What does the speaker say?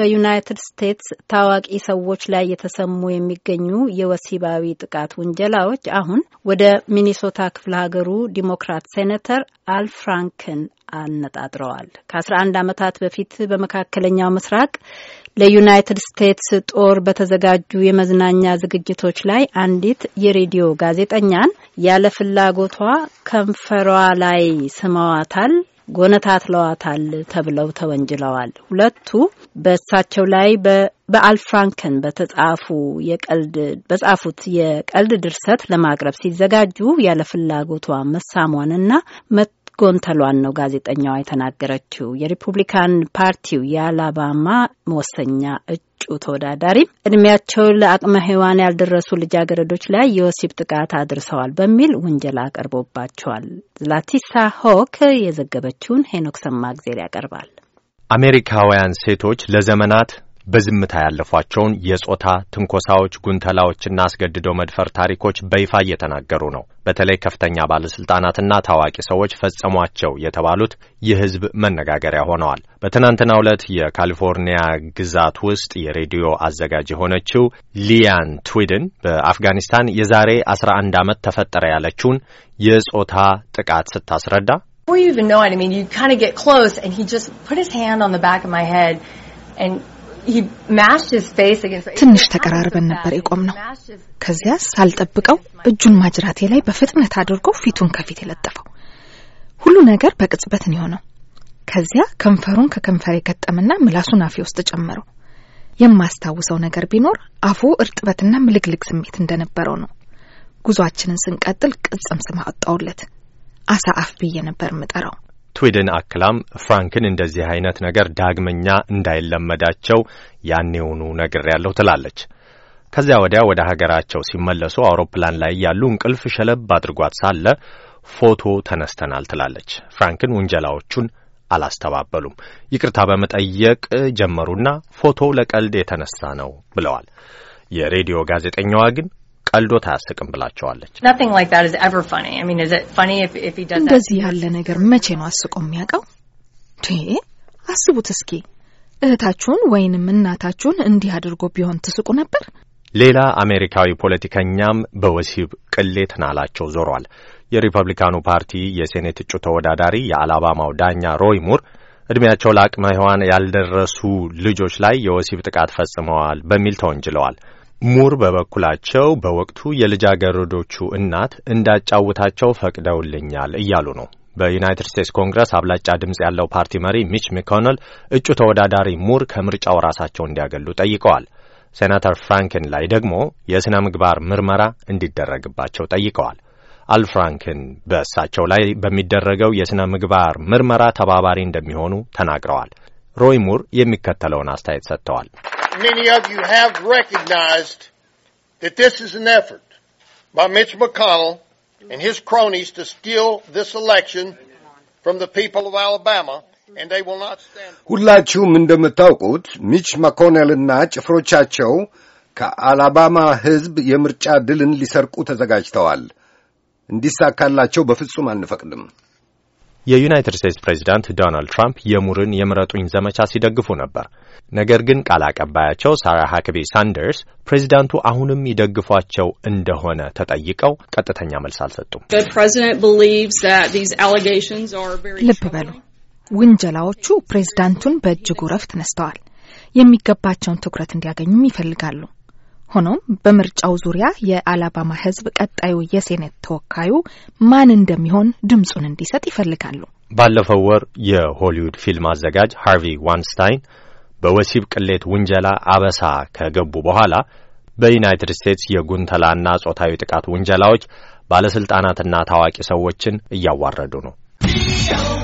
በዩናይትድ ስቴትስ ታዋቂ ሰዎች ላይ የተሰሙ የሚገኙ የወሲባዊ ጥቃት ውንጀላዎች አሁን ወደ ሚኒሶታ ክፍለ ሀገሩ ዲሞክራት ሴኔተር አል ፍራንክን አነጣጥረዋል። ከ11 ዓመታት በፊት በመካከለኛው ምስራቅ ለዩናይትድ ስቴትስ ጦር በተዘጋጁ የመዝናኛ ዝግጅቶች ላይ አንዲት የሬዲዮ ጋዜጠኛን ያለ ፍላጎቷ ከንፈሯ ላይ ስመዋታል። ጎነታትለዋታል ተብለው ተወንጅለዋል። ሁለቱ በእሳቸው ላይ በአልፍራንከን በተጻፉ የቀልድ በጻፉት የቀልድ ድርሰት ለማቅረብ ሲዘጋጁ ያለ ፍላጎቷ መሳሟንና ጎንተሏን ነው ጋዜጠኛዋ የተናገረችው። የሪፑብሊካን ፓርቲው የአላባማ መወሰኛ እጩ ተወዳዳሪም እድሜያቸው ለአቅመ ሔዋን ያልደረሱ ልጃገረዶች ላይ የወሲብ ጥቃት አድርሰዋል በሚል ውንጀላ አቀርቦባቸዋል። ላቲሳ ሆክ የዘገበችውን ሄኖክ ሰማግዜር ያቀርባል። አሜሪካውያን ሴቶች ለዘመናት በዝምታ ያለፏቸውን የጾታ ትንኮሳዎች፣ ጉንተላዎችና አስገድዶ መድፈር ታሪኮች በይፋ እየተናገሩ ነው። በተለይ ከፍተኛ ባለስልጣናትና ታዋቂ ሰዎች ፈጸሟቸው የተባሉት የህዝብ መነጋገሪያ ሆነዋል። በትናንትናው ዕለት የካሊፎርኒያ ግዛት ውስጥ የሬዲዮ አዘጋጅ የሆነችው ሊያን ትዊድን በአፍጋኒስታን የዛሬ 11 ዓመት ተፈጠረ ያለችውን የጾታ ጥቃት ስታስረዳ before you even know it, I mean, you kind of get close, and he just put his hand on the back of my head and ትንሽ ተቀራርበን ነበር የቆም ነው። ከዚያ ሳልጠብቀው እጁን ማጅራቴ ላይ በፍጥነት አድርጎ ፊቱን ከፊት የለጠፈው። ሁሉ ነገር በቅጽበት ነው የሆነው። ከዚያ ከንፈሩን ከከንፈር የገጠምና ምላሱን አፌ ውስጥ ጨመረው። የማስታውሰው ነገር ቢኖር አፉ እርጥበትና ምልግልግ ስሜት እንደነበረው ነው። ጉዟችንን ስንቀጥል ቅጽም ስም አወጣውለት። አሳ አፍ ብዬ ነበር ምጠራው። ስዊድን አክላም ፍራንክን እንደዚህ አይነት ነገር ዳግመኛ እንዳይለመዳቸው ያኔውኑ ነግሬያለሁ ትላለች። ከዚያ ወዲያ ወደ ሀገራቸው ሲመለሱ አውሮፕላን ላይ ያሉ እንቅልፍ ሸለብ አድርጓት ሳለ ፎቶ ተነስተናል ትላለች። ፍራንክን ውንጀላዎቹን አላስተባበሉም። ይቅርታ በመጠየቅ ጀመሩና ፎቶ ለቀልድ የተነሳ ነው ብለዋል። የሬዲዮ ጋዜጠኛዋ ግን ቀልዶት አያስቅም ብላቸዋለች። እንደዚህ ያለ ነገር መቼ ነው አስቆ የሚያውቀው? አስቡት እስኪ እህታችሁን ወይንም እናታችሁን እንዲህ አድርጎ ቢሆን ትስቁ ነበር? ሌላ አሜሪካዊ ፖለቲከኛም በወሲብ ቅሌት ናላቸው ዞሯል። የሪፐብሊካኑ ፓርቲ የሴኔት እጩ ተወዳዳሪ የአላባማው ዳኛ ሮይ ሙር ዕድሜያቸው ለአቅመ ሔዋን ያልደረሱ ልጆች ላይ የወሲብ ጥቃት ፈጽመዋል በሚል ተወንጅለዋል። ሙር በበኩላቸው በወቅቱ የልጃገረዶቹ እናት እንዳጫውታቸው ፈቅደውልኛል እያሉ ነው። በዩናይትድ ስቴትስ ኮንግረስ አብላጫ ድምፅ ያለው ፓርቲ መሪ ሚች ሚኮነል እጩ ተወዳዳሪ ሙር ከምርጫው ራሳቸው እንዲያገሉ ጠይቀዋል። ሴናተር ፍራንክን ላይ ደግሞ የሥነ ምግባር ምርመራ እንዲደረግባቸው ጠይቀዋል። አል ፍራንክን በእሳቸው ላይ በሚደረገው የሥነ ምግባር ምርመራ ተባባሪ እንደሚሆኑ ተናግረዋል። ሮይ ሙር የሚከተለውን አስተያየት ሰጥተዋል። many of you have recognized that this is an effort by Mitch McConnell and his cronies to steal this election from the people of Alabama. And they will not stand ሁላችሁም እንደምታውቁት ሚች ጭፍሮቻቸው ከአላባማ ሕዝብ የምርጫ ድልን ሊሰርቁ ተዘጋጅተዋል። እንዲሳካላቸው በፍጹም አንፈቅድም። የዩናይትድ ስቴትስ ፕሬዚዳንት ዶናልድ ትራምፕ የሙርን የምረጡኝ ዘመቻ ሲደግፉ ነበር። ነገር ግን ቃል አቀባያቸው ሳራ ሀክቤ ሳንደርስ ፕሬዚዳንቱ አሁንም ይደግፏቸው እንደሆነ ተጠይቀው ቀጥተኛ መልስ አልሰጡም። ልብ በሉ፣ ውንጀላዎቹ ፕሬዚዳንቱን በእጅጉ ረፍት ነስተዋል። የሚገባቸውን ትኩረት እንዲያገኙም ይፈልጋሉ። ሆኖም በምርጫው ዙሪያ የአላባማ ሕዝብ ቀጣዩ የሴኔት ተወካዩ ማን እንደሚሆን ድምፁን እንዲሰጥ ይፈልጋሉ። ባለፈው ወር የሆሊውድ ፊልም አዘጋጅ ሃርቪ ዋንስታይን በወሲብ ቅሌት ውንጀላ አበሳ ከገቡ በኋላ በዩናይትድ ስቴትስ የጉንተላና ጾታዊ ጥቃት ውንጀላዎች ባለስልጣናትና ታዋቂ ሰዎችን እያዋረዱ ነው።